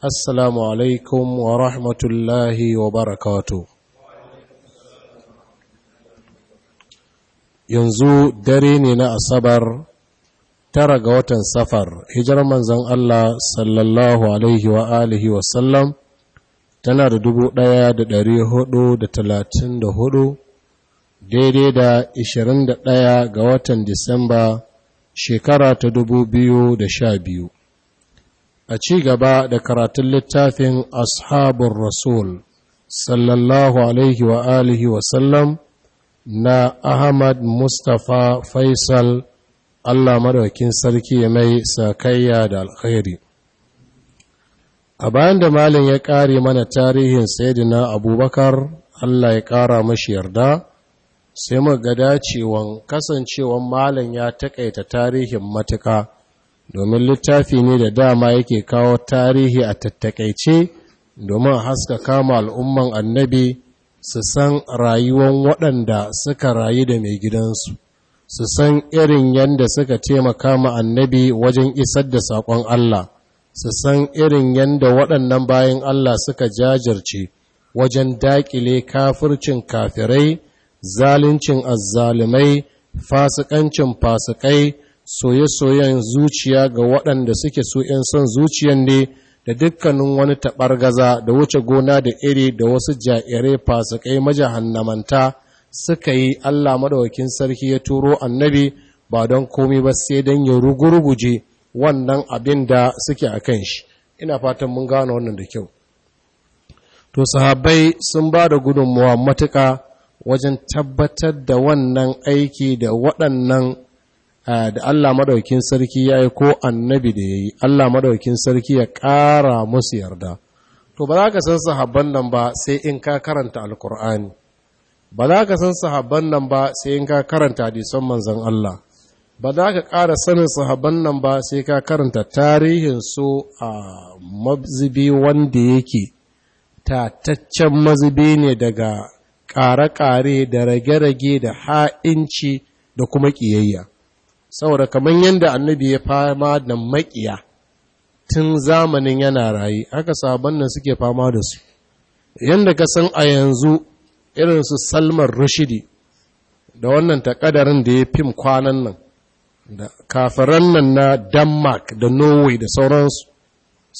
Assalamu alaikum wa rahmatullahi wa barakatu. Yanzu dare ne na Asabar tara ga watan Safar, hijar manzon Allah sallallahu Alaihi wa alihi tana da dubu ɗaya da ɗari hudu da talatin da hudu daidai da ishirin da ɗaya ga watan Disamba shekara ta dubu biyu da sha biyu. a ci gaba da karatun littafin ashabun rasul sallallahu alaihi wa alihi wasallam na ahmad mustapha faisal allah maɗaukin sarki mai sakayya da alkhairi a bayan da malin ya ƙare mana tarihin sayidina abubakar allah ya ƙara mashi yarda sai muka ga dacewan kasancewan malin ya taƙaita tarihin matuƙa domin littafi ne da dama yake kawo tarihi a tattakaice domin haska kama al'umman annabi su san rayuwan waɗanda suka rayu da mai gidansu su san irin yadda suka taimaka ma annabi wajen isar da saƙon Allah su san irin yadda waɗannan bayan Allah suka jajirce wajen daƙile kafircin kafirai zalincin azzalumai, fasikancin fasikai soye-soyen zuciya ga waɗanda suke so 'yan son zuciyan ne da dukkanin wani taɓargaza da wuce gona da iri da wasu ja'irai fasikai majahannamanta suka yi Allah maɗaukin sarki ya turo annabi ba don komi ba sai don ya rugurguje wannan abin da suke a kan shi ina fatan mun gano wannan da kyau to sahabai sun ba da gudunmuwa matuka wajen tabbatar da wannan aiki da waɗannan Ah, da Allah madaukin sarki ya yi ko annabi da ya yi Allah madaukin sarki ya ƙara musu yarda to ba za ka san sahabban nan ba sai in ka karanta alkur'ani ba za ka san sahabban nan ba sai in ka karanta hadisan manzon Allah ba za ka ƙara sanin sahabban nan ba sai ka karanta tarihin su a ah, mazibi wanda yake tataccen mazibi ne daga ƙare-ƙare da rage-rage da ha'inci da kuma ƙiyayya saboda kamar yadda annabi ya fama da maƙiya tun zamanin yana rayu haka sabon nan suke fama da su yadda ka san a yanzu irin su salman rushidi da wannan takadarin da ya fim kwanan nan da kafiran nan na denmark da norway da sauransu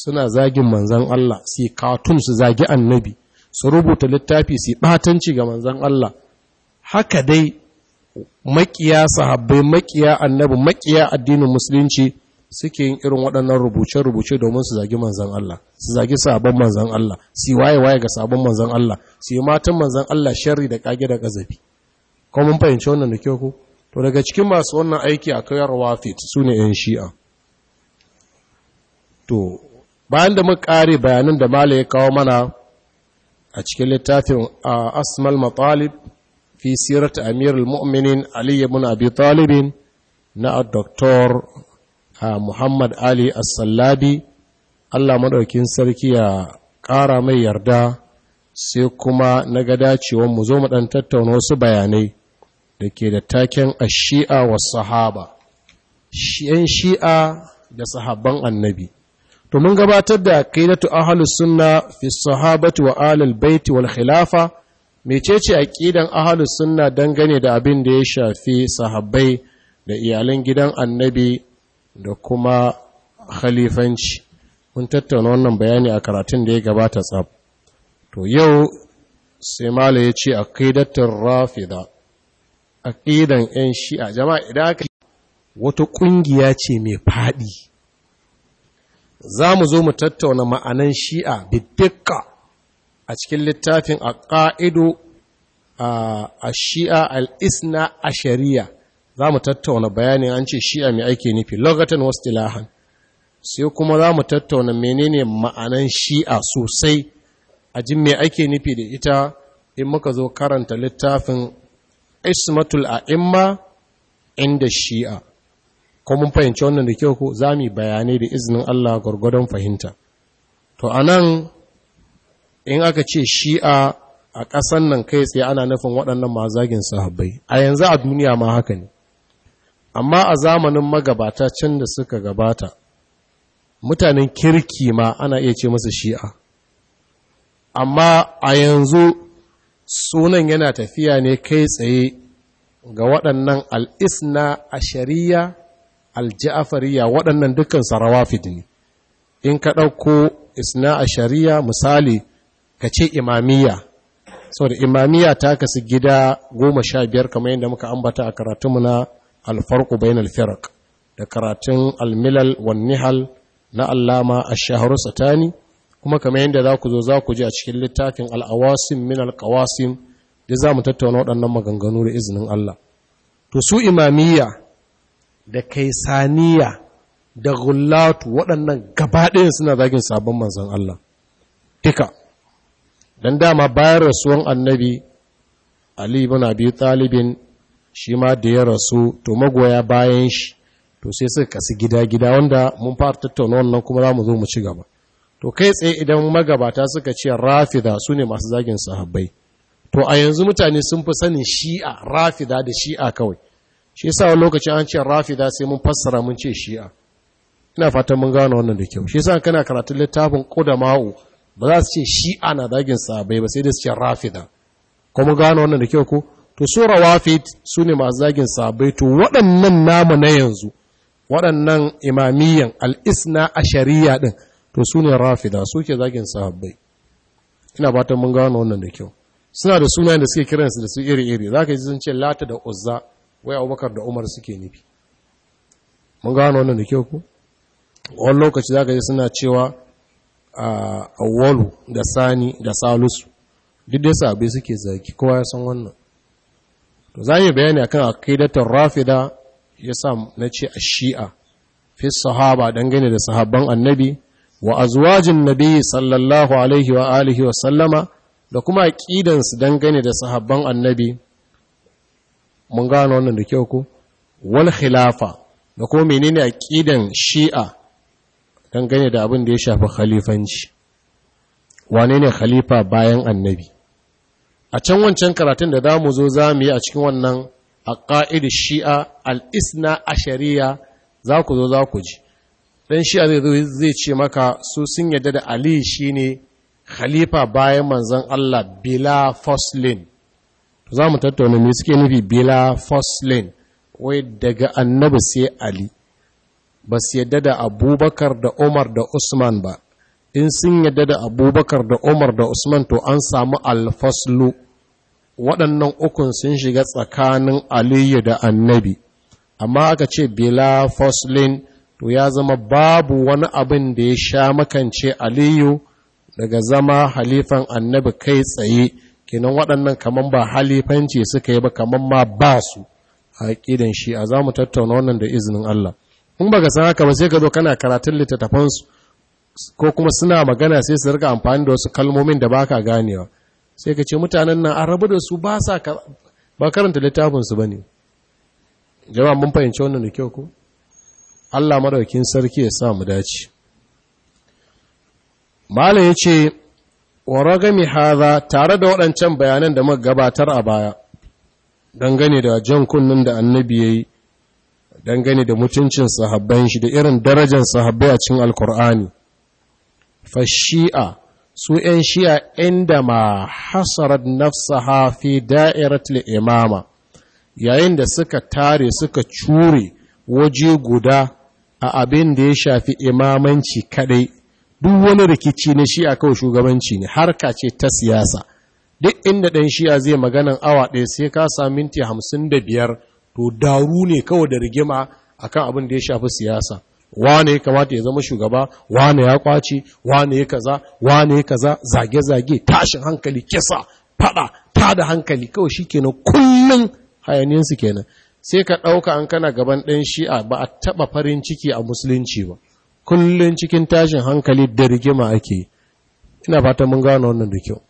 suna zagin manzan allah su yi katun su zagi annabi su rubuta littafi su yi ɓatanci ga manzan allah haka dai makiya sahabbai makiya annabi makiya addinin musulunci suke yin irin waɗannan rubuce-rubuce domin su zagi manzan Allah su zagi sabon manzan Allah su waye-waye ga sabon manzan Allah su yi matan manzan Allah sharri da kage da ƙazafi. ko mun fahimci wannan da kyau ko to daga cikin masu wannan aiki a kayar wafit su ne yan shi'a to bayan da muka kare bayanan da Malam ya kawo mana a cikin littafin asmal matalib fi sirat amirul mu'minin Ali ibn Abi Talib na Muhammad Ali asallabi. Allah madaukin sarki ya ƙara mai yarda sai kuma na ga dacewa mu zo mu ɗan tattauna wasu bayanai da ke da taken ashi'a wa sahaba shi'an shi'a da sahaban annabi to mun gabatar da aqidatu ahlus sunna fi sahabati wa alal baiti wal khilafa mecece aqidan ahlus sunna dangane da abin da ya shafi sahabbai da iyalan gidan annabi da kuma khalifanci mun tattauna wannan bayani a karatun da ya gabata tsab to yau sai mala ya ce aqidatul rafida aqidan yan shi'a jama'a idan aka wata kungiya ce mai fadi za mu zo mu tattauna ma'anan shi'a bidikka a cikin littafin a ƙa'idu a shi'a al'isna a shari'a za mu tattauna bayanin an ce shi'a mai aiki nufi logatan wasu ilahan sai kuma za mu tattauna menene ma'anan shi'a sosai a jin mai aiki nufi da ita in muka zo karanta littafin ismatul a a'imma inda shi'a ko fahimci wannan da kyau ko za mu bayanai da izinin Allah gwargwadon fahimta to anan in aka ce shi'a a ƙasan nan kai tsaye ana nufin waɗannan mazagin sahabbai a yanzu a duniya ma haka ne amma a zamanin magabata can da suka gabata mutanen kirki ma ana iya ce masa shi'a amma a yanzu sunan yana tafiya ne kai tsaye ga waɗannan al'isna a shari'a alji'afariya waɗannan dukkan sarawa ne in ka ɗauko isna a shari'a misali ka ce imamiyya saboda imamiyya ta kasu gida goma sha biyar kamar yadda muka ambata a karatunmu na alfarku bayan alfirak da karatun almilal wan nihal na allama a shaharu satani kuma kamar yadda za ku zo za ku ji a cikin littafin al'awasin min alkawasin da za mu tattauna waɗannan maganganu da izinin Allah to su imamiyya da kaisaniya da gullatu waɗannan gaba ɗaya suna zagin sabon manzon Allah duka Dan dama bayan rasuwan annabi ali ibn abi talibin shi ma da ya rasu to magoya bayan shi to sai suka kasu gida-gida wanda mun fara tattauna wannan kuma za mu zo mu ci gaba to kai tsaye idan magabata suka ce rafida su ne masu zagin sahabbai to a yanzu mutane sun fi sanin shi'a rafida da shi'a kawai shi yasa wani lokacin an ce rafida sai mun fassara mun ce shi'a ina fatan mun gano wannan da kyau shi yasa kana karatun littafin kodama'u ba za su ce shi'a na zagin Sabai ba sai dai su ce rafida kuma gano wannan da kyau ko to sura wafid su ne masu zagin Sabai to waɗannan namu na yanzu waɗannan imamiyyan al'isna a shari'a ɗin to su ne rafida su ke zagin Sabai. ina ta mun gano wannan da kyau suna da sunayen da suke kiransu da su iri-iri za ka ji sun ce lata da uzza wai abubakar da umar suke nufi mun gano wannan da kyau ku wani lokaci za ka ji suna cewa awwalu da sani da salisu duk da sabi suke zaki kowa ya san wannan to za yi bayani akan akidatar rafida ya sa na ce a shi'a fi sahaba dangane da sahabban annabi wa azwajin nabi sallallahu alaihi wa alihi wa sallama da kuma aqidansu dangane da sahabban annabi mun gano wannan da kyau ko wal khilafa da kuma menene akidan shi'a dangane da abin da ya shafi khalifanci wane ne khalifa bayan annabi a can wancan karatun da za mu zo za mu yi a cikin wannan a shi'a al'isna a shari'a za ku zo za ku ji ɗan shi'a zai zai ce maka su sun yadda da ali shi ne khalifa bayan manzan Allah bila foslin za mu tattauna mai suke nufi bila foslin wai daga annabi sai ali ba su yadda da abubakar da umar da usman ba in sun yadda da abubakar da umar da usman to an samu alfaslu waɗannan ukun sun shiga tsakanin aliyu da annabi amma aka ce bila faslin to ya zama babu wani abin da ya sha makance aliyu daga zama halifan annabi kai tsaye kenan waɗannan kamar ba halifanci suka yi ba kamar ma ba su a shi a za mu tattauna wannan da izinin Allah in baka san haka ba sai ka zo kana karatun littattafansu ko kuma suna magana sai su rika amfani da wasu kalmomin da baka ganewa sai ka ce mutanen nan an rabu da su ba sa ba karanta littafinsu ba ne jama'a mun fahimci wannan da kyau ko Allah madaukin sarki ya sa mu dace malam yace wa ragami hadha tare da waɗancan bayanan da muka gabatar a baya dangane da jan kunnen da annabi yayi dangane da mutuncin sahabban shi da irin darajar sahabbai a cikin alkur'ani fa shi'a su 'yan shi'a inda ma hasarar nafsaha fi da'irat imama yayin da suka tare suka cure waje guda a abin da ya shafi imamanci kadai duk wani rikici na shi'a kawai shugabanci ne harka ce ta siyasa duk inda ɗan shi'a zai maganan awa ɗaya sai ka sami minti hamsin da biyar to daru ne kawai da rigima akan abin da ya shafi siyasa wane ya kamata ya zama shugaba wane ya kwaci wane ya kaza wane ya kaza zage-zage tashin hankali kisa fada ta da hankali kawai shikenan kullun su kenan sai ka ɗauka an kana gaban ɗan shi'a ba a taɓa farin ciki a musulunci ba Kullum cikin tashin hankali da rigima ake ina fata mun gano wannan da kyau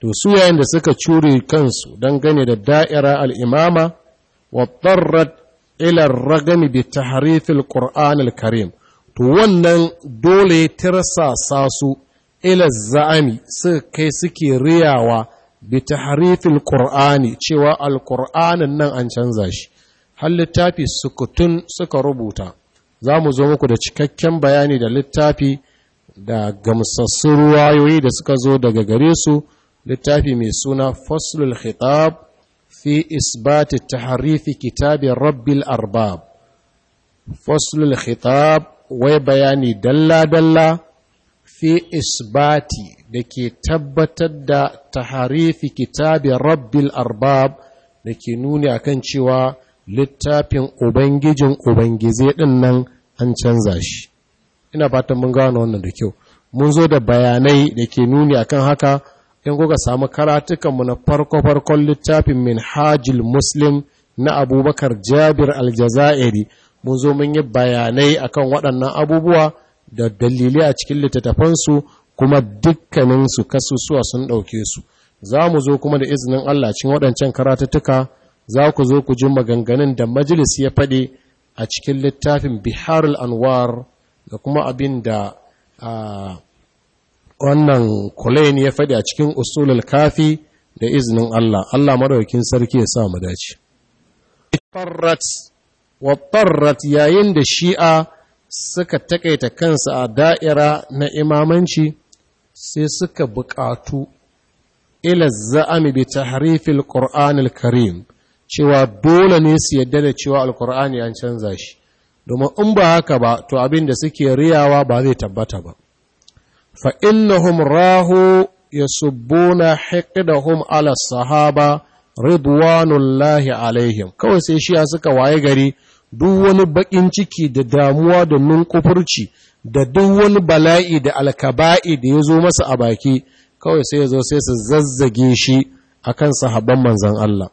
to su yayin da suka cure kansu don gane da da'ira al'imama واضطرت إلى الرغم بتحريف القرآن karim to wannan dole tirsasa su ila za'ami suka kai suke riyawa bi tahrifil qur'ani cewa alqur'anin nan an canza shi har littafi sukutun suka rubuta za mu zo muku da cikakken bayani da littafi da gamsassun wayoyi da suka zo daga gare su littafi mai suna faslul khitab fi isbati tahrifi kitabin rabbil arbab faslul khitab wai bayani dalla-dalla fi isbati da ke tabbatar da tahrifi kitabin rabbil arbab da ke nuni akan cewa littafin ubangijin ubangizai ɗinnan an canza shi ina fata mun gano wannan da kyau mun zo da bayanai da ke nuni akan haka in kuka samu karatukanmu na farko-farkon littafin min hajjil muslim na abubakar jabir aljazairi mun zo mun yi bayanai akan waɗannan abubuwa da dalili a cikin littattafansu kuma dukkaninsu kasusuwa sun ɗauke su za mu zo kuma da izinin Allah cikin waɗancan karatuttuka za ku zo ku ji maganganun da majalis ya faɗi a cikin littafin biharul anwar da kuma abin da ah, wannan kulain ya faɗi a cikin usulul kafi da izinin Allah Allah maraukin sarki ya sa mu dace tarrat wa tarrat yayin da shi'a suka takaita kansa a da'ira na imamanci sai suka buƙatu ila za'ami bi tahrifil qur'anil karim cewa dole ne su yadda da cewa alqur'ani an canza shi domin in ba haka ba to abin da suke riyawa ba zai tabbata ba fa innahum rahu yasubbuna hiqdahum ala sahaba ridwanullahi alaihim kawai sai shiya suka waye gari duk wani bakin ciki da damuwa da nunkufurci da duk wani bala'i da alkaba'i da ya zo masa a baki kawai sai ya zo sai su zazzage shi akan sahaban manzan Allah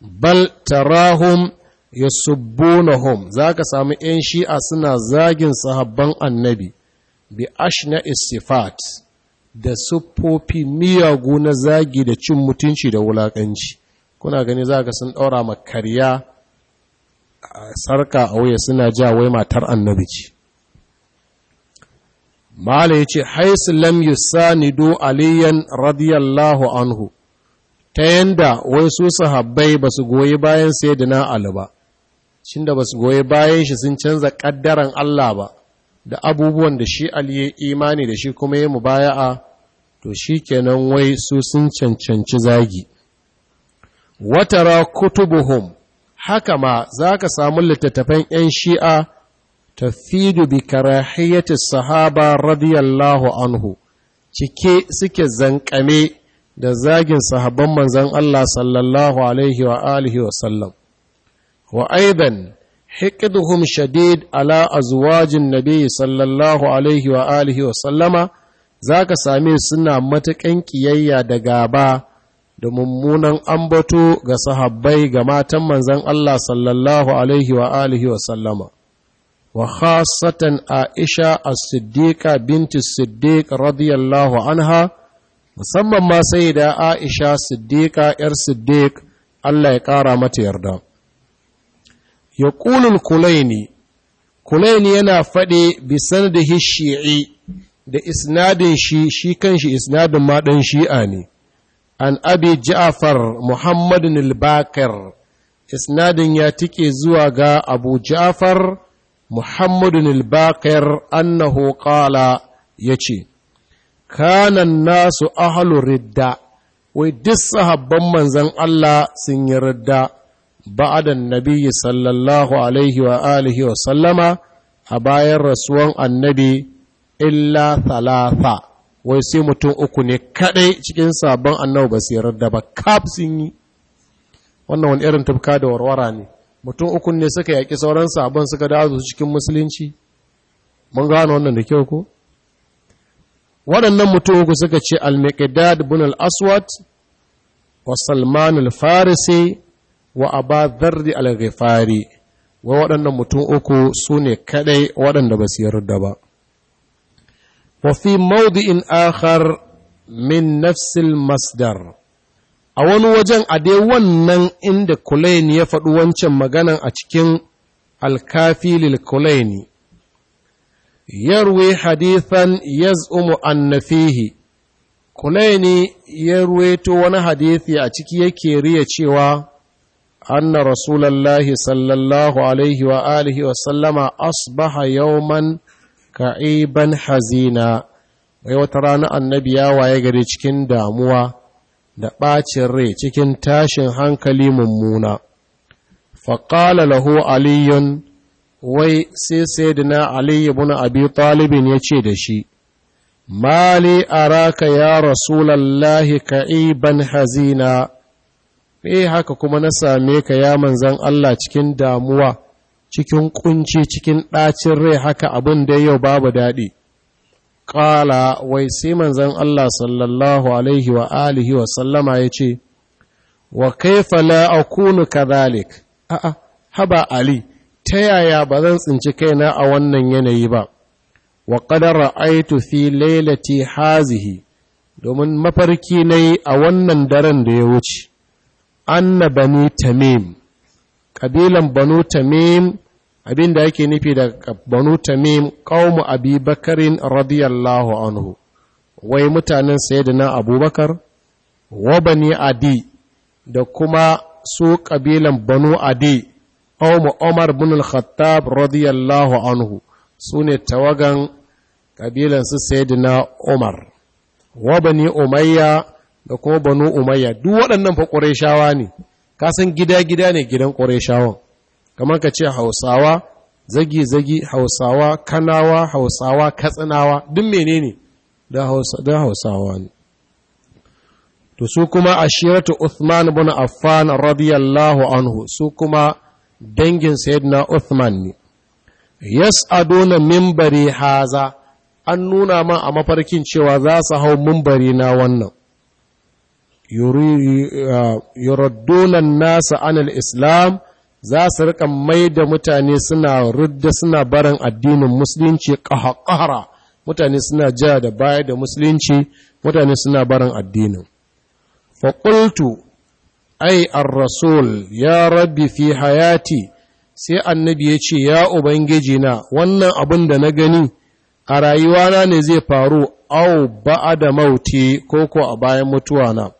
bal tarahum yasubbunahum zaka samu 'yan shi'a suna zagin sahaban annabi bi ashna istifat da siffofi miyagu na zagi da cin mutunci da wulaƙanci kuna gani za ka sun ɗaura ma karya sarka a wuya suna ja wai matar annabi ce mala ya ce haisu lam yusanidu aliyan radiyallahu anhu ta yanda wai su sahabbai ba su goyi bayan da na ba shinda ba su goyi bayan shi sun canza ƙaddaran Allah ba da abubuwan da shi Ali ya imani da shi kuma ya mubaya'a to shi kenan wai su sun cancanci zagi watara kutubuhum haka ma za ka samu littattafan 'yan shi'a tafidu bi karahiyati sahaba radiyallahu anhu cike suke zanƙame da zagin sahabban manzon Allah sallallahu alaihi wa alihi wa sallam wa aidan hiqduhum shadid ala azwajin nabi sallallahu alaihi wa wa sallama zaka same suna matakan kiyayya da gaba da mummunan ambato ga sahabai ga matan manzon Allah sallallahu alaihi wa alihi wa sallama wa Aisha as-Siddiqa binti Siddiq radiyallahu anha musamman ma sai da Aisha Siddiqa yar Siddiq Allah ya ƙara mata yarda ya ƙulul kulaini kulaini yana faɗe bisan da shi'i da isnadin shi shi kanshi isnadin maɗan shi'a ne an abi ja'far muhammadin al-bakir isnadin ya tike zuwa ga abu ja'far muhammadin al-bakir annahu qala yace kanan nasu ahlu ridda wai duk sahabban manzon Allah sun yi ridda ba'adan النبي sallallahu alaihi wa alihi wa sallama a bayan rasuwan annabi illa thalatha wai sai mutum uku ne kadai cikin sabon ba kaf sun yi wannan wani irin tafka da warwara ne mutum uku ne suka yaki sauran sabon suka dawo cikin musulunci mun gano wannan da kyau ko waɗannan mutum uku suka ce al-miqdad ibn al-aswad wa salman al-farisi wa aba dhardi al wa waɗannan mutum uku sune ne kaɗai waɗanda ba su yarda ba wa fi mawdi'in akhar min nafsil masdar a wani wajen a dai wannan inda kulaini ya faɗi wancan maganan a cikin alkafi lil kulaini yarwe hadithan yaz'umu anna fihi kulaini ya ruweto wani hadisi a ciki yake riya cewa أن رسول الله صلى الله عليه وآله وسلم أصبح يوما كئيبا حزينا ويوتران النبي ويقري cikin damuwa da ɓacin rai cikin tashin hankali mummuna faƙala lahu aliyun wai sai sayyidina Aliyu ibn abi talibin ya ce da shi mali araka ya rasulallahi ka'iban hazina eh haka kuma na same ka ya manzan Allah cikin damuwa cikin kunci cikin ɗacin rai haka abin da yau babu daɗi ƙala wai sai manzan Allah sallallahu alaihi wa alihi wa sallama ya ce wa kaifa la akunu kadhalik a'a haba ali ta yaya ba zan tsinci kaina a wannan yanayi ba wa qadara aitu fi lailati hazihi domin mafarki nayi a wannan daren da ya wuce anna bani tamim kabilan banu tamim abinda yake nufi da banu tamim qaumu abi radiyallahu anhu wai mutanen sayyidina abubakar wa bani adi da kuma su kabilan banu adi qaumu umar bin al-khattab radiyallahu anhu sune tawagan kabilan su sayyidina umar wa bani umayya da kuma banu umayya duk waɗannan fa ƙureshawa ne ka san gida-gida ne gidan ƙureshawan kamar ka ce hausawa zagi-zagi hausawa kanawa hausawa katsinawa duk menene da hausawa ne to su kuma ashiratu Uthman bin Affan radiyallahu anhu su kuma dangin sayyidina Uthman ne yas'aduna minbari haza an nuna ma a mafarkin cewa za su hau minbari na wannan yuraddunan nasa anil islam za su rika mai da mutane suna rudda suna barin addinin musulunci ƙahaƙara mutane suna ja da baya da musulunci mutane suna barin addinin faƙultu ai ar-rasul ya rabbi fi hayati sai annabi ya ce ya ubangiji na wannan abin da na gani a rayuwana ne zai faru au ba'a da mauti koko a bayan mutuwa na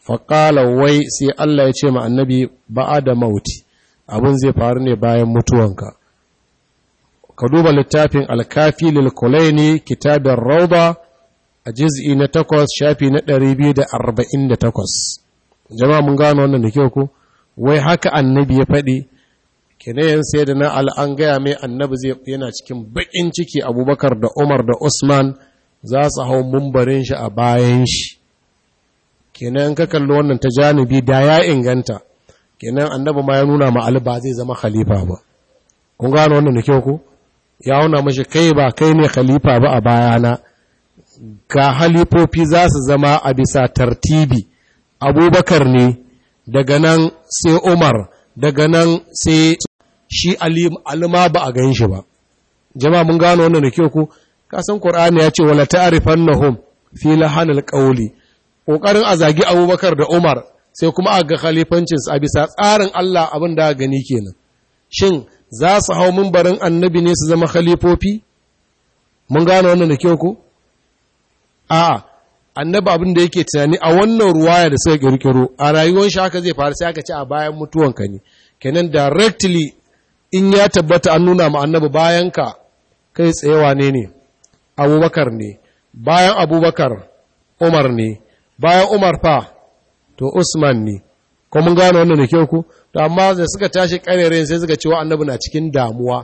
faƙala wai sai Allah ya ce ma annabi ba'a da mauti abin zai faru ne bayan mutuwanka ka duba littafin alkafi ne kitabin Ra'uba, a jiz'i na takwas shafi na ɗari biyu da arba'in da takwas jama'a mun gano wannan da kyau ku wai haka annabi ya faɗi kenayen sai da na al'an gaya mai annabi zai yana cikin baƙin ciki abubakar da umar da usman za su hau mumbarin shi a bayan shi kenan ka kalli wannan ta janibi da ya inganta kenan annabi ma ya nuna ma ali ba zai zama khalifa ba kun gano wannan da kyau ko ya nuna mashi kai ba kai ne khalifa ba a bayana ga halifofi za su zama a bisa tartibi abubakar ne daga nan sai umar daga nan sai shi alima ba a gan shi ba jama'a mun gano wannan da kyau ko kasan qur'ani ya ce wala ta'rifannahum fi lahanil qawli ƙoƙarin a zagi abubakar da umar sai kuma a ga khalifancinsu a bisa tsarin allah abin da gani kenan shin za su hau mimbarin annabi ne su zama khalifofi mun gane wannan da kyau ku? a'a annabi abin da yake tunani a wannan ruwaya da suka kirkiro a rayuwar shi haka zai faru sai aka ce a bayan mutuwan ka ne kenan directly in ya tabbata an nuna ma annabi bayan ka kai tsayewa ne ne abubakar ne bayan abubakar umar ne bayan Umar fa to Usman ne ko mun gano wannan da kyau ku to amma da suka tashi karerin sai suka cewa annabi na cikin damuwa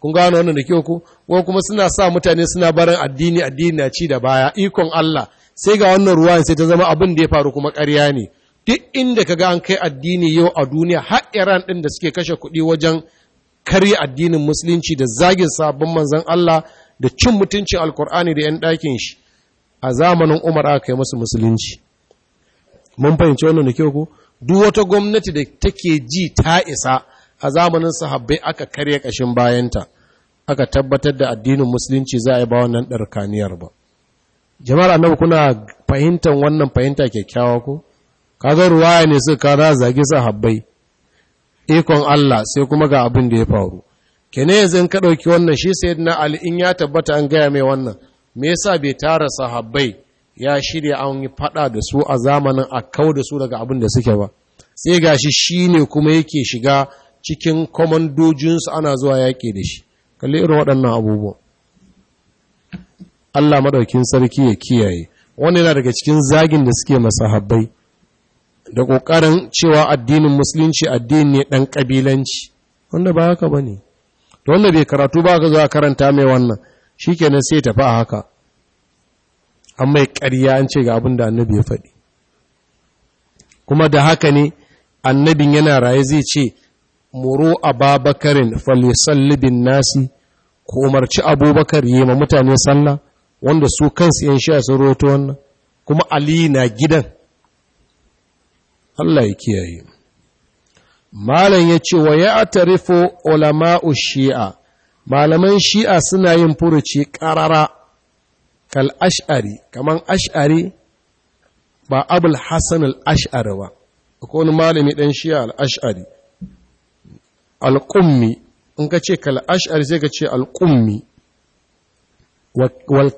kun gano wannan da kyau ku ko kuma suna sa mutane suna barin addini addini na ci da baya ikon Allah sai ga wannan ruwan sai ta zama abin da ya faru kuma ƙarya ne duk inda ka ga an kai addini yau a duniya har Iran din da suke kashe kuɗi wajen karya addinin musulunci da zagin sabon manzon Allah da cin mutuncin alkur'ani da 'yan ɗakin shi a zamanin umar aka yi masu musulunci mun fahimci wannan da kyau ko duk wata gwamnati da take ji ta isa a zamanin sahabbai aka karya kashin bayanta aka tabbatar da addinin musulunci za a yi ba wannan ɗarkaniyar ba jama'ar annabi kuna fahimtar wannan fahimta kyakkyawa ko kaga ruwaya ne suka kara zagi sahabbai ikon Allah sai kuma ga abin da ya faru kene yanzu in ka ɗauki wannan shi sayyidina ali in ya tabbata an gaya mai wannan me yasa bai tara sahabbai ya shirya an yi fada da su a zamanin a kau da su daga abin da suke ba sai gashi shine kuma yake shiga cikin komandojinsu ana zuwa yaƙi da shi kalli irin waɗannan abubuwa Allah maɗaukin sarki ya kiyaye Wani yana daga cikin zagin da suke masahabbai da ƙoƙarin cewa addinin musulunci addini ne ɗan ƙabilanci wanda ba haka ba ne wanda bai karatu ba ka zuwa karanta mai wannan shi kenan sai tafi a haka an mai ƙarya an ce ga abin da annabi ya faɗi kuma da haka ne annabin yana raye zai ce muro a babakarin falisallibin nasi ko umarci abubakar yi ma mutane sallah wanda su kansu yan sha sun roto wannan kuma ali na gidan Allah ya kiyaye malam ya ce wa ya tarifo ulama'u shi'a malaman shi'a suna yin furuci ƙarara kal ash'ari kaman ash'ari ba abul hassan al ba akwai wani malami ɗan shi'a al'ashari al'ummi in ka ce kal ash'ari sai ka ce al'ummi wal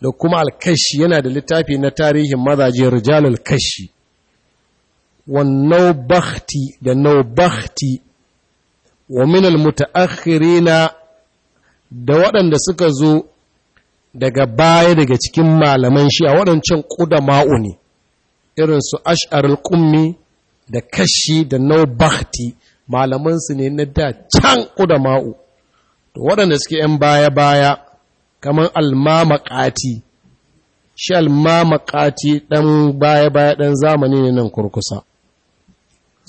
da kuma alkashi yana da littafi na tarihin mazaje rijalul kashi wannan bakhti da bakhti wa minal mutaakhirina da waɗanda suka zo daga baya daga cikin malaman shi a waɗancan ƙudama'u ne irin su ash'arul ƙummi da kashi da naubakti malamansu ne na da can ƙudama'u to waɗanda suke ‘yan baya-baya kamar almamakati shi almamakati ɗan baya-baya ɗan zamani ne nan kurkusa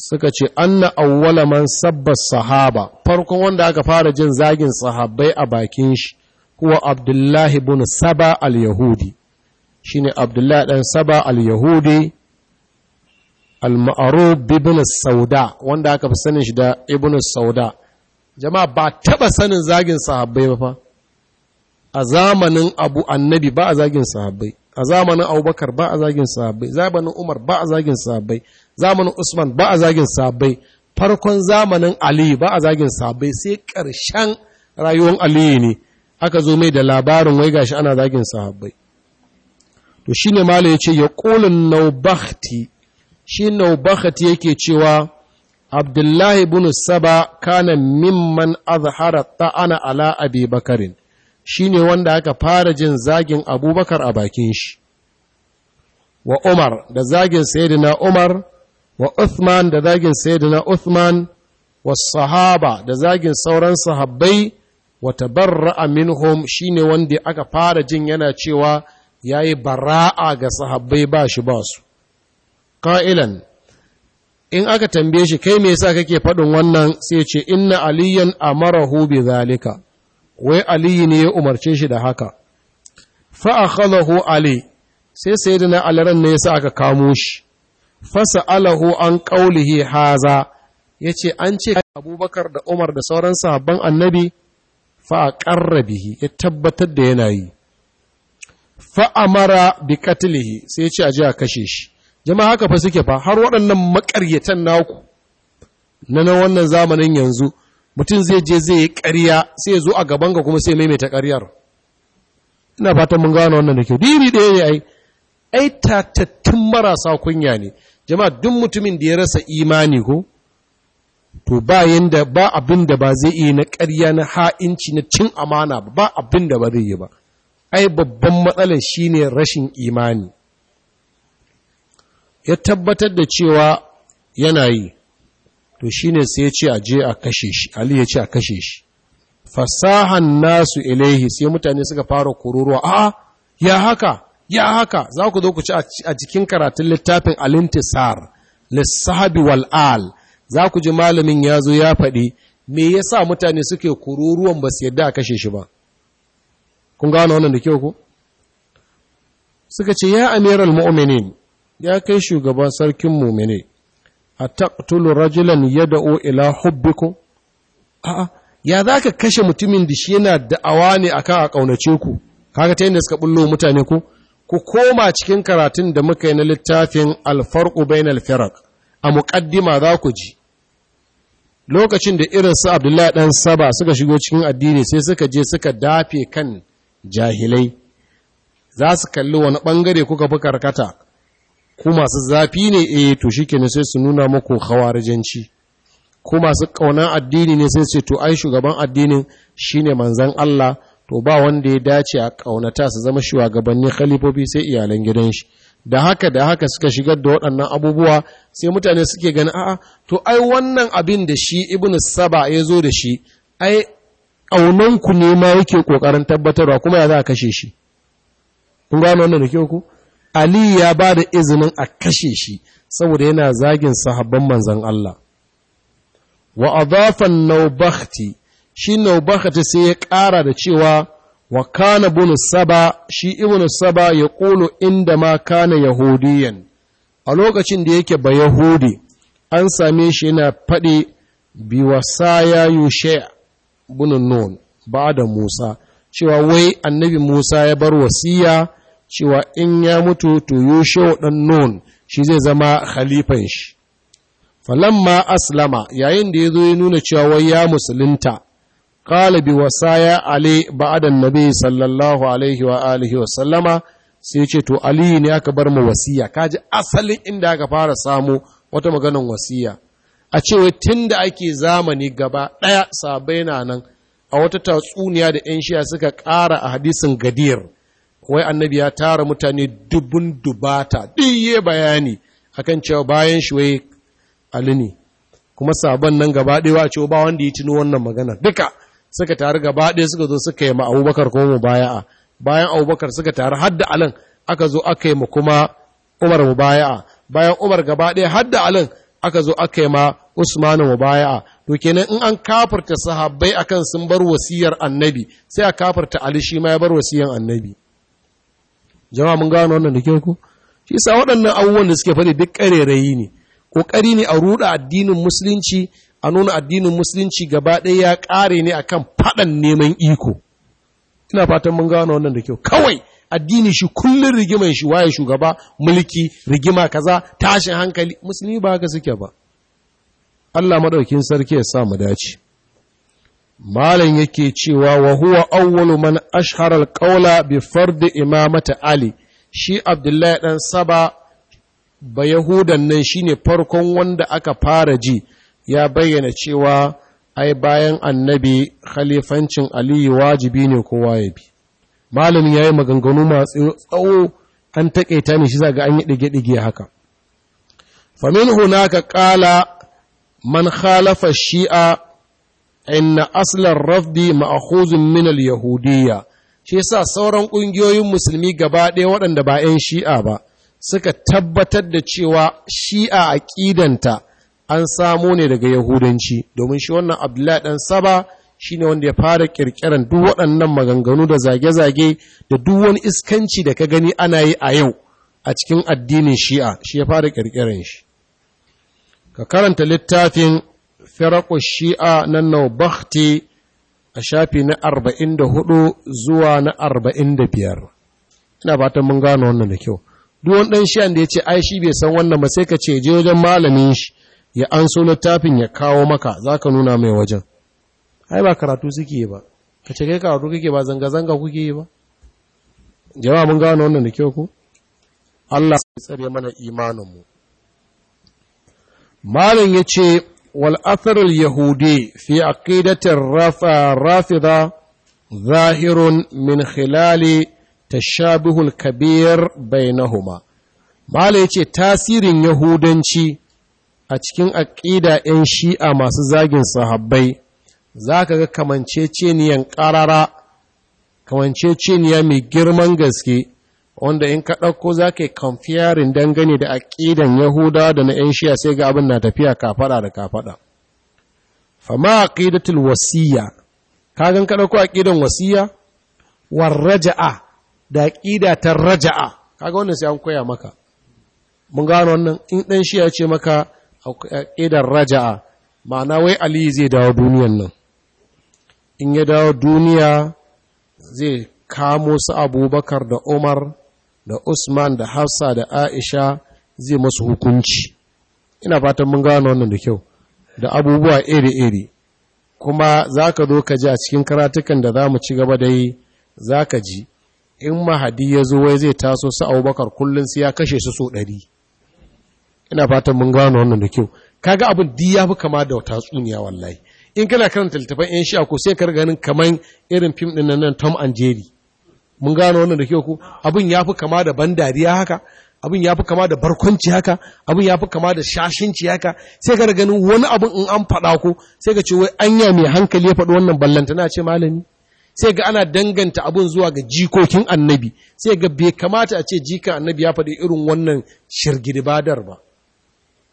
suka ce anna awwala man sabba sahaba farkon wanda aka fara jin zagin sahabbai a bakin shi huwa abdullahi ibn saba al-yahudi shine abdullahi dan saba al-yahudi al-ma'ruf ibn sauda wanda aka fi sanin shi da ibn sauda jama'a ba taba sanin zagin sahabbai ba fa a zamanin abu annabi ba a zagin sahabbai a zamanin abubakar ba a zagin sahabbai zamanin umar ba a zagin sahabbai zamanin usman ba a zagin sahabbai farkon zamanin ali ba a zagin sahabbai sai ƙarshen rayuwar aliyu ne aka zo mai da labarin wai gashi ana zagin sahabbai to shi ne ce ya qulun naubakti shi naubakti yake cewa abdullahi bin saba kana mimman azhara ta'ana ala abi bakarin Shi ne wanda aka fara jin zagin abubakar a bakin shi wa umar da zagin sayyidina umar wa uthman da zagin sayyidina uthman wa sahaba da zagin sauran sahabbai wa tabarra'a minhum shine wanda aka fara jin yana cewa yayi bara'a ga sahabbai ba shi ba su qailan in aka tambaye shi kai me yasa kake faɗin wannan sai ce inna aliyan amarahu bi zalika wai aliyu ne ya umarce shi da haka khalahu ali sai sai da na alaran ne sa aka kamo shi fasa alahu an ƙaulihi haza ya ce an ce abubakar da umar da sauran sahabban annabi fa'a ƙarrabihi ya tabbatar da yanayi fa'a mara bi katilihi sai ce a ji a kashe shi jama'a haka fa suke fa har waɗannan maƙaryatan naku na na wannan zamanin yanzu mutum zai je zai yi ƙarya sai zo a gaban ka kuma sai maimaita ƙaryar ina fatan mun gano wannan da kyau diri ɗaya ne ai ai tatattun marasa kunya ne jama'a duk mutumin da ya rasa imani ko to ba yanda ba abin da ba zai iya na ƙarya na ha'inci na cin amana ba ba abin da ba zai yi ba ai babban matsalar shine rashin imani ya tabbatar da cewa yana yi to shi ne sai ya ce a je a kashe shi ali ya ce a kashe shi fasahan nasu ilaihi sai mutane suka fara kururuwa a ya haka ya haka za ku zo ku ci a cikin karatun littafin alintisar lissahabi wal'al za ku ji malamin ya zo ya faɗi me ya sa mutane suke kururuwan ba su yadda a kashe shi ba kun gano wannan da kyau ku suka ce ya amiral mu'minin ya kai shugaban sarkin mu'mini a taqtulu rajulan yad'u ila hubbikum a'a ya zaka kashe mutumin da shi yana da'awa ne akan a kaunace ku kaga ta yadda suka bullo mutane ku ku koma cikin karatun da muka yi na littafin alfarqu bainal firaq a muqaddima za ku ji lokacin da irin su Abdullahi dan Saba suka shigo cikin addini sai suka je suka dafe kan jahilai za su kalli wani bangare kuka fuka karkata ku masu zafi ne eh to shikenan sai su nuna muku khawarijanci ku masu kauna addini ne sai ce to ai shugaban addinin shine manzan Allah to ba wanda ya dace a kaunata su zama shugabanni khalifofi sai iyalan gidan shi da haka da haka suka shigar da waɗannan abubuwa sai mutane suke gani a'a to ai wannan abin da shi ibn saba ya zo da shi ai aunanku ne ma yake kokarin tabbatarwa kuma ya za a kashe shi kun gano wannan da ke ku Ali ya ba da izinin a kashe shi saboda yana zagin sahabban manzan Allah. Wa adafan naubakhti shi naubakhti sai ya ƙara da cewa wa kana bunu saba shi ibnu saba ya ƙulu inda ma kana yahudiyan a lokacin da yake ba yahudi an same shi yana faɗi "Bi biwasaya yushe bunu nun ba da musa cewa wai annabi musa ya bar wasiya cewa in ya mutu to yushe waɗan nun shi zai zama khalifan shi falamma aslama yayin da ya zo ya nuna cewa wai ya musulunta qala wasaya ali na nabi sallallahu alaihi wa alihi wa sallama sai ce to ali ne aka bar mu wasiya Ka kaji asalin inda aka fara samu wata maganan wasiya a cewa tun da ake zamani gaba ɗaya sabai na nan a wata tatsuniya da yan shiya suka ƙara a hadisin gadir wai annabi ya tara mutane dubun dubata ɗiye bayani akan cewa bayan shi wai ali ne kuma sabon nan gaba ɗaya ce ba wanda ya tuno wannan magana duka suka taru gaba ɗaya suka zo suka yi ma abubakar kuma mu baya'a bayan abubakar suka taru har da alan aka zo aka yi ma kuma umar mu baya'a bayan umar gaba ɗaya har da alan aka zo aka yi ma usmanu mu baya'a to kenan in an kafarta sahabbai akan sun bar wasiyar annabi sai a kafarta ali shi ma ya bar wasiyar annabi jama'a mun gano wannan da kyau ko shi yasa waɗannan abubuwan da suke fadi duk ƙarerayi ne ƙoƙari ne a ruɗa addinin musulunci a nuna addinin musulunci gaba ɗaya ya ƙare ne akan faɗan neman iko ina fatan mun gano wannan da kyau kawai addini shi kullun rigiman shi waye shugaba mulki rigima kaza tashin hankali musulmi ba haka suke ba Allah madaukin sarki ya sa mu dace malam yake cewa wa huwa awwalu man ashhara al-qawla bi fard imamati ali shi abdullahi dan saba ba yahudan nan shine farkon wanda aka fara ji ya bayyana cewa ai bayan annabi khalifancin ali wajibi ne kowa ya bi malamin yayi maganganu masu tsawo an taƙaita ne shi ga an yi dige-dige haka famin hunaka qala man khalafa shi'a inna aslan rafdi ma'akhuzun min al-yahudiyya shi yasa sauran ƙungiyoyin musulmi gaba ɗaya waɗanda ba 'yan shi'a ba suka tabbatar da cewa shi'a aƙidanta an samo ne daga yahudanci domin shi wannan abdullahi ɗan saba shi ne wanda ya fara ƙirƙiran duk waɗannan maganganu da zage-zage da duk wani iskanci da ka gani ana yi a yau a cikin addinin shi'a shi ya fara ƙirƙiran shi ka karanta littafin firaku shi'a na naubakti a shafi na 44 zuwa na 45 ina fatan mun gano wannan da kyau Duk wani ɗan shi'an da ya ce ai shi bai san wannan ba sai ka ce je wajen malamin shi ya an so littafin ya kawo maka za ka nuna mai wajen ai ba karatu suke ba ka ce kai karatu kake ba zanga-zanga kuke yi ba jama'a mun gano wannan da kyau ku Allah ya tsare mana imaninmu malam ya ce والأثر اليهودي في عقيدة الرافضة ظاهر من خلال تشابه الكبير bainahuma. ما yace tasirin Yahudanci a cikin aƙida 'yan shi'a masu zagin sahabbai za ka ga kamanceceniyan ƙarara kamanceceniya mai girman gaske wanda in ka ɗauko za ka yi kamfiyarin dangane da aƙidan yahuda da na ‘yan shiya sai ga abin na tafiya kafaɗa da kafaɗa fama aƙidatul wasiya gan ka ɗauko aƙidan wasiya war raja'a da aƙida ta raja'a kaga wannan sai an koya maka mun gano wannan in ɗan shiya ce maka aƙidan raja'a ma'ana wai ali zai dawo duniyan nan in ya dawo duniya zai kamo su abubakar da umar da usman da hafsa da aisha zai masu hukunci ina fatan mun gano wannan da kyau da abubuwa iri-iri kuma za ka zo ka ji a cikin karatukan da za mu ci gaba da yi za ka ji in mahadi ya zo wai zai taso su abubakar kullum sai ya kashe su so ɗari ina fatan mun gano wannan da kyau kaga abin di ya fi kama da tatsuniya wallahi in kana karanta littafin yan sha ko sai ka ganin kaman irin fim ɗin nan Tom and Jerry mun gano wannan da kyau ku abin ya fi kama da ban dariya haka abin ya fi kama da barkwanci haka abin ya fi kama da shashinci haka sai ka ganin wani abin in an faɗa ko sai ka ce wai anya mai hankali ya faɗi wannan na ce malami sai ga ana danganta abin zuwa ga jikokin annabi sai ga bai kamata a ce jikan annabi ya faɗi irin wannan shirgidibadar ba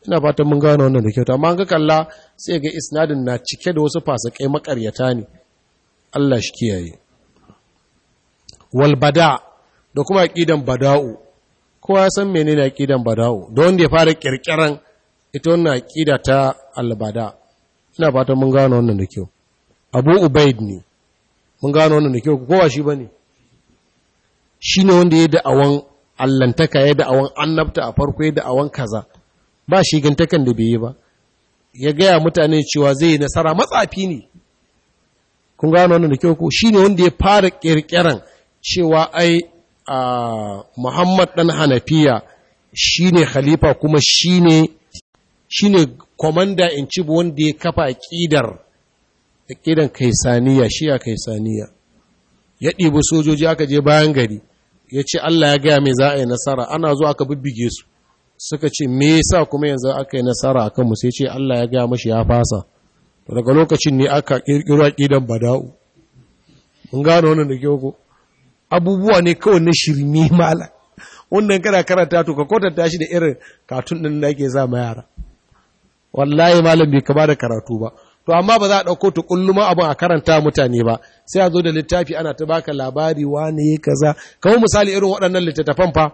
ina fatan mun gano wannan da kyau amma an ga kalla sai ga isnadin na cike da wasu fasakai makaryata ne Allah shi kiyaye walbada da kuma aƙidan bada'u kowa ya san menene aƙidan bada'u da wanda ya fara ƙirƙiran ita wannan aƙida ta albada ina fatan mun gano wannan da kyau abu ubaid ne mun gano wannan da kyau kowa shi ba ne. Shi ne wanda ya da'awan allantaka ya da'awan annabta a farko ya da'awan kaza ba shi gantakan da bai yi ba ya gaya mutane cewa zai yi nasara matsafi ne kun gano wannan da kyau ko Shi ne wanda ya fara ƙirƙiran cewa ai Muhammad ɗan Hanafiya shine khalifa kuma shine shine commander in chief wanda ya kafa ƙidar aqidan kaisaniya shiya kaisaniya ya ɗibi sojoji aka je bayan gari ya ce Allah ya gaya mai za a yi nasara ana zo aka bibbige su suka ce me yasa kuma yanzu aka yi nasara a kanmu sai ce Allah ya gaya mashi ya fasa daga lokacin ne aka ƙirƙiro aqidan bada'u mun gane wannan da kyau ko abubuwa ne kawai na shirme mala wannan kana karanta to ka kwatanta shi da irin katun ɗin da ake za ma yara wallahi malam bai kaba da karatu ba to amma ba za a dauko ta kulluma abin a karanta mutane ba sai a zo da littafi ana ta baka labari wane kaza kamar misali irin waɗannan littattafan fa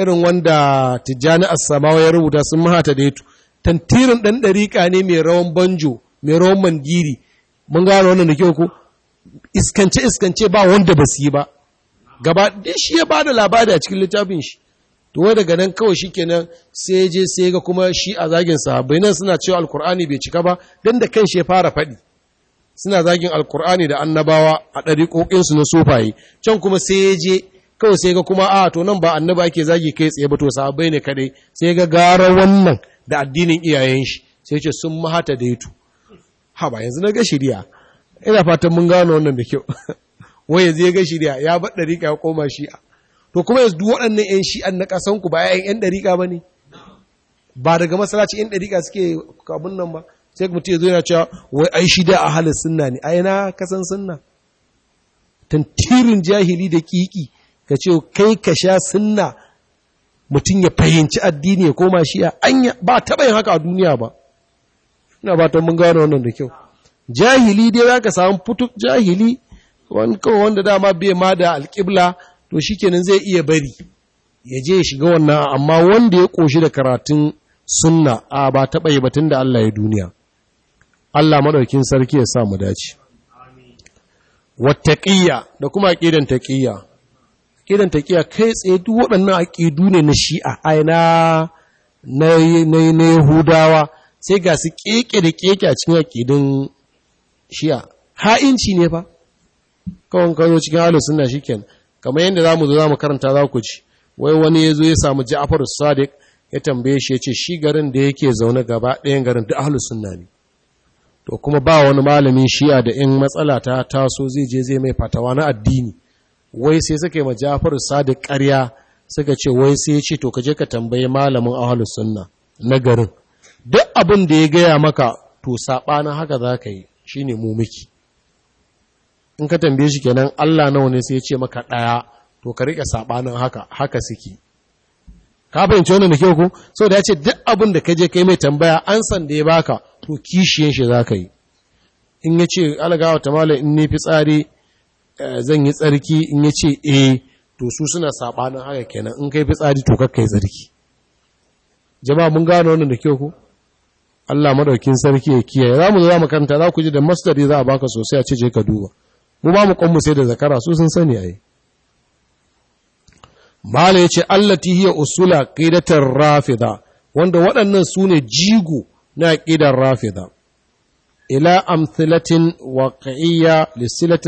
irin wanda tijjani assamawa ya rubuta sun mahata da yato tantirin ɗan ɗariƙa ne mai rawan banjo mai rawan mangiri mun gano wannan da kyau ko iskance iskance ba wanda ba su yi ba gaba da shi ya bada labari a cikin littafin shi to wai daga nan kawai shikenan sai je sai ga kuma shi a zagin sahabbai nan suna cewa alkur'ani bai cika ba dan da kan shi ya fara faɗi suna zagin alkur'ani da annabawa a ɗariƙoƙin su na sofaye can kuma sai ya je kawai sai ga kuma a ah, to nan ba annaba ake zagi kai tsaye ba to sahabbai ne kadai sai ga gara wannan da addinin iyayen shi sai ce sun mahata daitu haba yanzu na ga shirya ina fatan mun gano wannan da kyau wani yanzu ya gashi da ya bada riƙa ya koma shi'a to kuma yanzu duk waɗannan 'yan shi'an na ƙasanku ba 'yan ɗariƙa ba ne ba daga masalaci 'yan ɗariƙa suke abin nan ba sai mutum ya zo yana cewa wai ai shi da a halin sunna ne a yana kasan sunna tantirin jahili da kiki ka ce kai ka sha sunna mutum ya fahimci addini ya koma shi anya ba taɓa yin haka a duniya ba ina ba ta mun gano wannan da kyau jahili dai za ka samu fito jahili wani kawai wanda dama bai ma da alƙibla to shikenan zai iya bari ya je ya shiga wannan amma wanda ya ƙoshi da karatun sunna a ba taɓa yi batun da Allah ya duniya Allah maɗaukin sarki ya sa mu dace wattaƙiyya da kuma ƙidan taƙiyya ƙidan taƙiyya kai tsaye duk waɗannan aƙidu ne na shi'a aina na yahudawa sai ga su keke da keke a cikin aƙidun shi'a ha'inci ne fa kawai ka zo cikin halin shiken, kamar yadda za mu zo za mu karanta za ku ci wai wani ya zo ya samu ja'afar Sadiq ya tambaye shi ya ce shi garin da yake zaune gaba ɗayan garin da halin suna ne to kuma ba wani malamin shi'a da in matsala ta taso zai je zai mai fatawa na addini wai sai suka yi ma ja'afar Sadiq ƙarya suka ce wai sai ya ce to ka je ka tambaye malamin ahlus sunna na garin duk abin da ya gaya maka to saɓa na haka za ka yi shine mu miki in ka tambaye shi kenan Allah nawa ne sai ya ce maka ɗaya to ka riƙe saɓanin haka haka suke ka fahimci wannan da kyau ko so da ya ce duk abin da ka je kai mai tambaya an san da ya baka to kishiyen shi za ka yi in ya ce alagawa ta mala in ni fitsari eh, zan yi tsarki in ya ce eh to su suna saɓanin haka kenan in kai fitsari to yi tsarki jama'a mun gano wannan da kyau ko Allah madaukin sarki ya kiyaye za mu zo za mu karanta za ku ji da masdari za a baka sosai a ce je ka duba mu ba mu kwanmu sai da zakara su sun sani yi mala ya ce allati hiya usula ƙidatar rafida wanda waɗannan su ne jigo na ƙidar rafida ila amthilatin waqi'iyya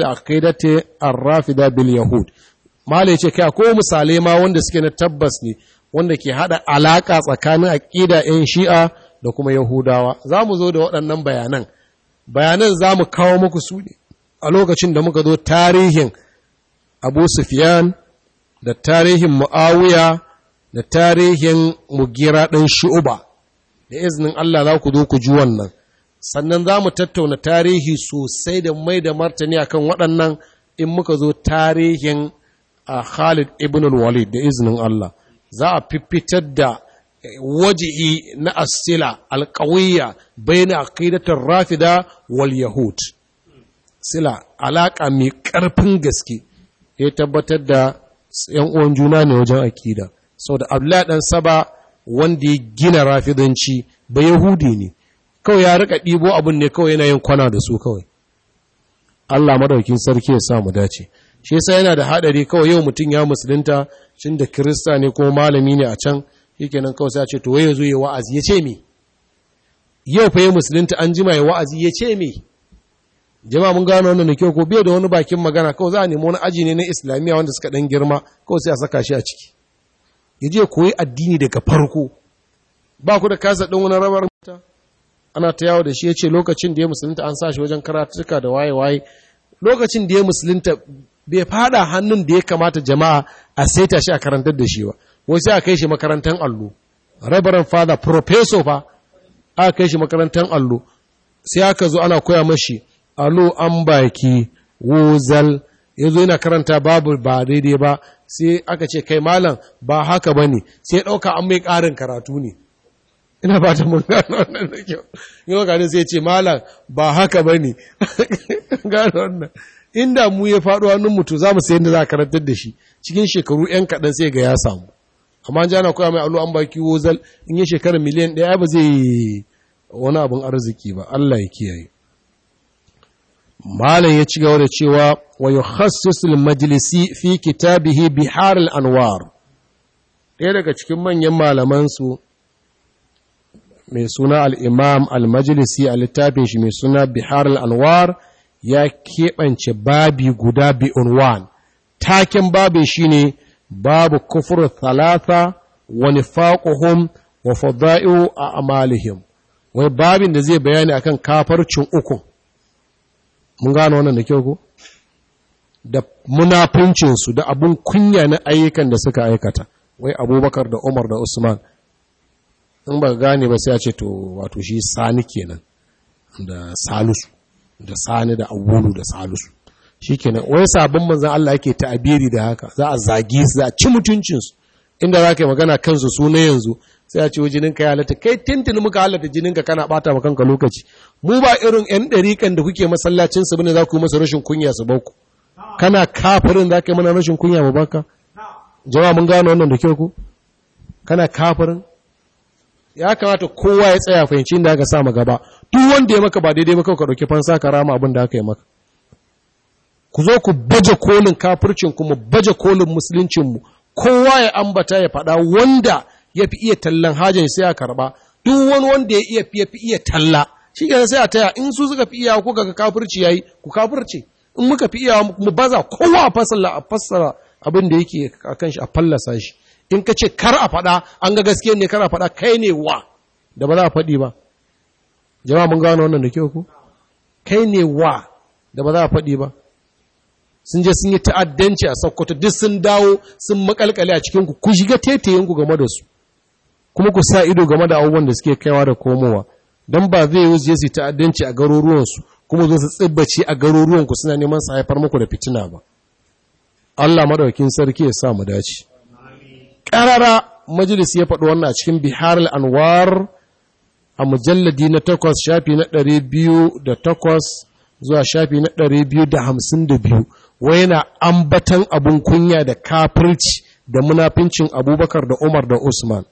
a aqidati ar-rafida bil yahud mala ya ce kai ko misalai ma wanda suke na tabbas ne wanda ke hada alaka tsakanin ƙida yan shi'a da kuma yahudawa za mu zo da waɗannan bayanan bayanan za mu kawo muku su ne a lokacin da muka zo tarihin abu Sufiyan, da tarihin mu'awiya da tarihin mugira ɗan shu'uba da izinin Allah za ku zo ku ji wannan sannan za mu tattauna tarihi sosai da mai da martani a kan waɗannan in muka zo tarihin a Khalid ibn walid da izinin Allah za a fifitar da waji'i na asila alƙawiyya bai na aƙidatar rafida wal yahud sila alaƙa mai ƙarfin gaske ya tabbatar da ‘yan uwan juna ne wajen akida sau da abdullahi ɗan saba wanda ya gina rafidanci ba yahudi ne kawai ya rika ɗibo abin ne kawai yana yin kwana da su kawai allah madaukin sarki ya sa mu dace shi yasa yana da haɗari kawai yau mutum ya musulunta cin da kirista ne ko malami ne a can shikenan kawai sai a ce to wai zo ya wa'azi ya ce me yau fa ya musulunta an jima ya wa'azi ya ce me jama'a mun gano wannan da kyau ko biya da wani bakin magana kawai za a nemi wani aji ne na islamiyya wanda suka dan girma kawai sai a saka shi a ciki ya je koyi addini daga farko ba ku da kasa ɗin wani rabar mata ana ta yawo da shi ya ce lokacin da ya musulunta an sa shi wajen karatuka da waye-waye lokacin da ya musulunta bai fada hannun da ya kamata jama'a a saita shi a karantar da shi ba wai sai a kai shi makarantar allo rabaran fada profeso fa aka kai shi makarantar allo sai aka zo ana koya mashi alo an baki wuzal yanzu yana karanta babu ba daidai ba sai aka ce kai malam ba haka ba ne sai ɗauka an mai ƙarin karatu ne ina ba ta mun gano wannan da kyau wa gani sai ce malam ba haka ba ne gano wannan inda mu ya faɗo hannun mutu za mu sayar da za a karantar da shi cikin shekaru ‘yan kaɗan sai ga ya samu amma jana na koya mai allo an baki wozal in yi shekarar miliyan ɗaya ba zai wani abin arziki ba Allah ya kiyaye malam ya ci gaba da cewa wa yukhassis al-majlisi fi kitabihi bihar al-anwar ɗaya daga cikin manyan malaman su mai suna al-imam al-majlisi a littafin shi mai suna bihar al-anwar ya keɓance babi guda bi unwan taken babin shine babu kufur thalatha wa nifaquhum wa fada'i'u a'malihim wai babin da zai bayani akan kafarcin uku mun gano wannan da kyau ko da munafuncinsu da abun kunya na ayyukan da suka aikata wai abubakar da umar da usman in ba gane ba sai a ce to wato shi sani kenan da salisu da sani da awulu da salisu shi kenan wai sabon manzan Allah yake abiri da haka za a zagi su za a ci mutuncinsu inda za ka yi magana kansu su na yanzu sai a ce jininka ya halatta kai tintin muka halatta jininka kana bata wa kanka lokaci mu ba irin yan ɗariƙan da kuke masallacin su bane za ku masa rashin kunya su bauku kana kafirin za ka yi mana rashin kunya mu baka jama'a mun gano wannan da kyau ku kana kafirin ya kamata kowa ya tsaya fahimci inda aka sa ma gaba duk wanda ya maka ba daidai ba ka dauki fansa ka rama abin da aka yi maka ku zo ku baje kolin kafircin mu baje kolin musuluncin mu kowa ya ambata ya faɗa wanda ya fi iya tallan hajjan sai a karba duk wani wanda ya iya fiye fi iya talla shi ke sai a taya in su suka fi iya ko ga kafirci yayi ku kafirce in muka fi iya mu baza kowa a fassara a fassara abin da yake akan shi a fallasa shi in ka ce kar a faɗa an ga gaskiya ne kar a faɗa kai ne wa da ba za a faɗi ba jama'a mun gano wannan da kyau ku kai ne wa da ba za a faɗi ba sun je sun yi ta'addanci a Sokoto duk sun dawo sun makalkale a cikin ku ku shiga tetayen ku game da su kuma ku sa ido game da abubuwan da suke kaiwa da komowa don ba zai yi zai ta'addanci a garuruwansu kuma zai su tsibbace a garuruwanku suna neman su haifar muku da fitina ba Allah madaukin sarki ya sa mu dace ƙarara majalis ya faɗi wannan a cikin Bihar al-Anwar a mujalladi na takwas shafi na ɗari biyu da takwas zuwa shafi na ɗari biyu da hamsin da biyu wai yana ambatan abun kunya da kafirci da munafincin abubakar da umar da usman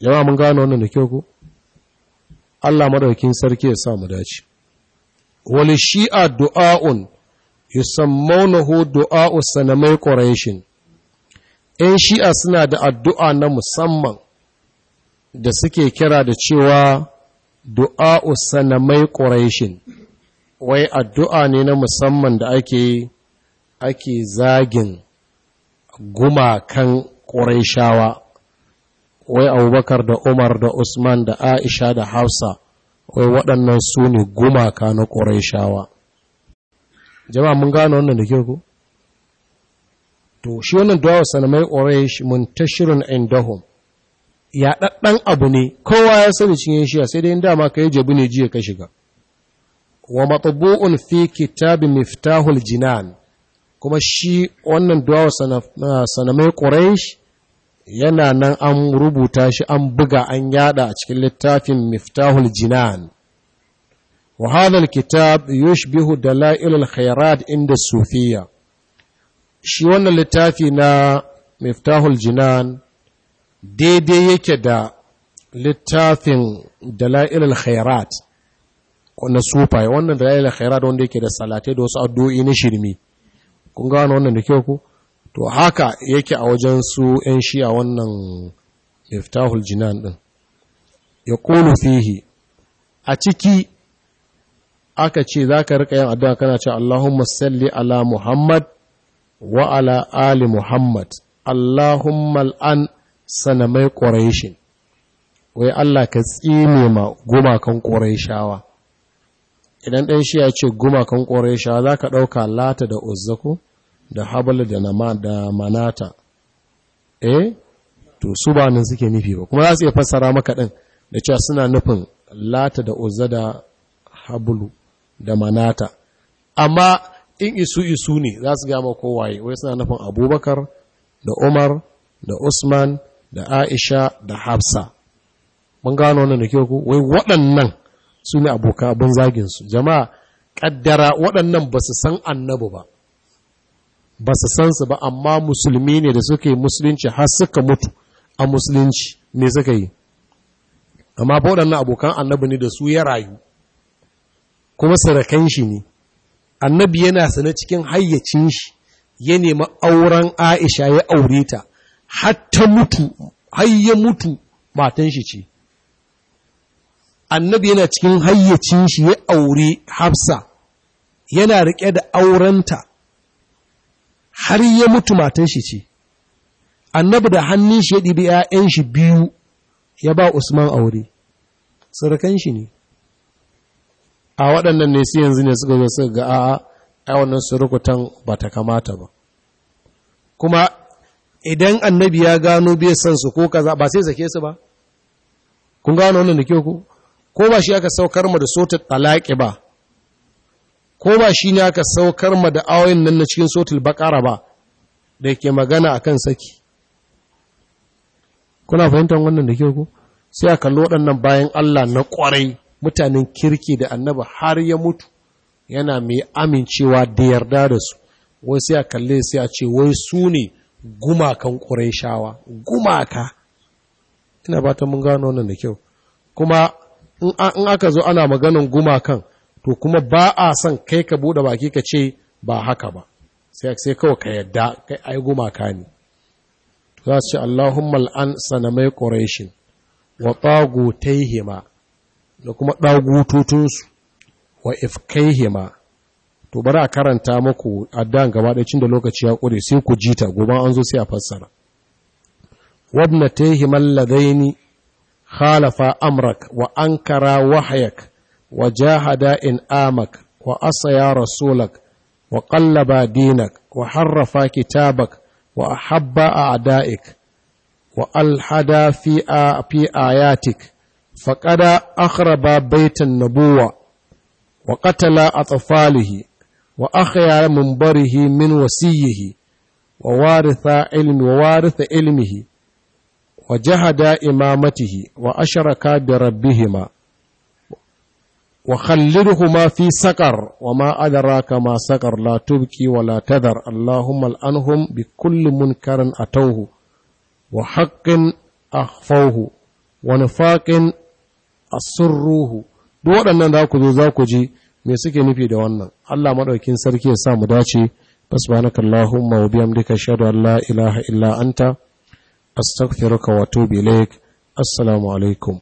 yawa mun gano wannan da kyau ko Allah madaukakin sarki ya sa mu dace wal shi'a du'a'un yusammawnahu du'a'u sanamai quraishin ɗan shi'a suna da addu'a na musamman da suke kira da cewa du'a'u sanamai quraishin wai addu'a ne na musamman da ake ake zagin gumakan quraishawa wai abubakar da umar da usman da aisha da hafsa wai waɗannan su ne gumaka na shawa jama'a mun gano wannan da ke ku to shi wannan shi sanamai ta muntashirin indahun ya ɗaɗɗan abu ne kowa ya sani cikin shiya sai dai dama ka yi jabu ne jiya ka shiga wa matbu'un fi kitabi miftahul jinan kuma shi wannan duwawa sanamai shi yana nan an rubuta shi an buga an yada a cikin littafin miftahul jinan wa kitab yushbihu dalail khairat inda sufiya shi wannan littafi na miftahul jinan daidai yake da littafin dalail khairat na sufai wannan dalail khairat wanda yake da salatai da wasu addu'o'i na shirmi kun gano wannan da kyau ko to haka yake a wajen su ‘yan shi'a wannan iftahul jinan ɗin ya ƙolo fihi a ciki aka ce za ka riƙa yin addu'a kana ce Allahumma salli ala Muhammad wa ala Ali Muhammad Allahumma al'an sanamai ƙorashin wai Allah ka tsine ma gumakan ƙorashawa idan ɗan shi ya ce gumakan ƙorashawa za ka ɗauka lata da uzzaku? da habal da da manata eh to su ba nan suke nufi ba kuma za su iya fassara maka din da cewa suna nufin lata da uzza da hablu da manata amma in isu isu ne za su gama kowaye wai suna nufin abubakar da umar da usman da aisha da hafsa mun gano wannan da ke ku wai waɗannan su ne abokan abin zaginsu jama'a ƙaddara waɗannan ba su san annabu ba ba su san su ba amma musulmi ne da suka yi musulunci har suka mutu a musulunci ne suka yi amma ba waɗannan abokan annabi ne da su ya rayu kuma sarakan shi ne annabi yana sane cikin hayyacin shi ya nemi auren aisha ya aure ta hatta mutu har mutu matan shi ce annabi yana cikin hayyacin shi ya aure hafsa yana riƙe da aurenta har ya mutu matan shi ce annabi da hannun shi ya ɗibi 'ya'yan shi biyu ya ba usman aure surukan shi ne a waɗannan ne su yanzu ne suka zo suka ga a'a a wannan surukutan ba ta kamata ba kuma idan annabi ya gano bai san su ko kaza ba sai zake su ba kun gano wannan da kyau ko ko ba shi aka saukar mu da sotar talaƙi ba ko ba shi ne aka saukar ma da ayoyin nan na cikin Sotil bakara ba da ke magana akan saki kuna fahimtar wannan da kyau ko sai a kalli waɗannan bayan Allah na ƙwarai mutanen kirki da annaba har ya mutu yana mai amincewa da yarda da su wai sai a kalle sai a ce wai su ne gumakan ƙurayshawa gumaka ina ba ta mun gano wannan da kyau kuma in aka zo ana maganin gumakan to kuma ba a son kai ka buɗe baki ka ce ba haka ba sai sai kawai ka yadda kai ai gumaka ne za su ce Allahumma al'an sanamai ƙorashin. wa hima da kuma ɗagutotunsu wa ifkaihima to bari a karanta muku addan gaba da cin da lokaci ya ƙure sai ku jita gobe an zo sai a fassara wabnatayhima Ladaini khalafa amrak wa ankara wahayak wa jahada in'amak wa asaya rasulak wa ƙallaba dinak wa harrafa kitabak wa ahabba a'da'ik wa alhada fi fi ayatik faqada akhraba baitan nubuwa wa qatala atfalihi wa akhya munbarihi min wasiyyihi wa waritha ilmi wa waritha ilmihi وجهد إمامته وأشرك بربهما وخلدهما في سقر وما أدراك ما سقر لا تبكي ولا تذر اللهم الأنهم بكل منكر أتوه وحق أخفوه ونفاق أسروه duk waɗannan da ku zo za ku ji me suke nufi da wannan Allah maɗaukin sarki ya sa mu dace subhanaka allahumma wa bihamdika ashhadu an la ilaha illa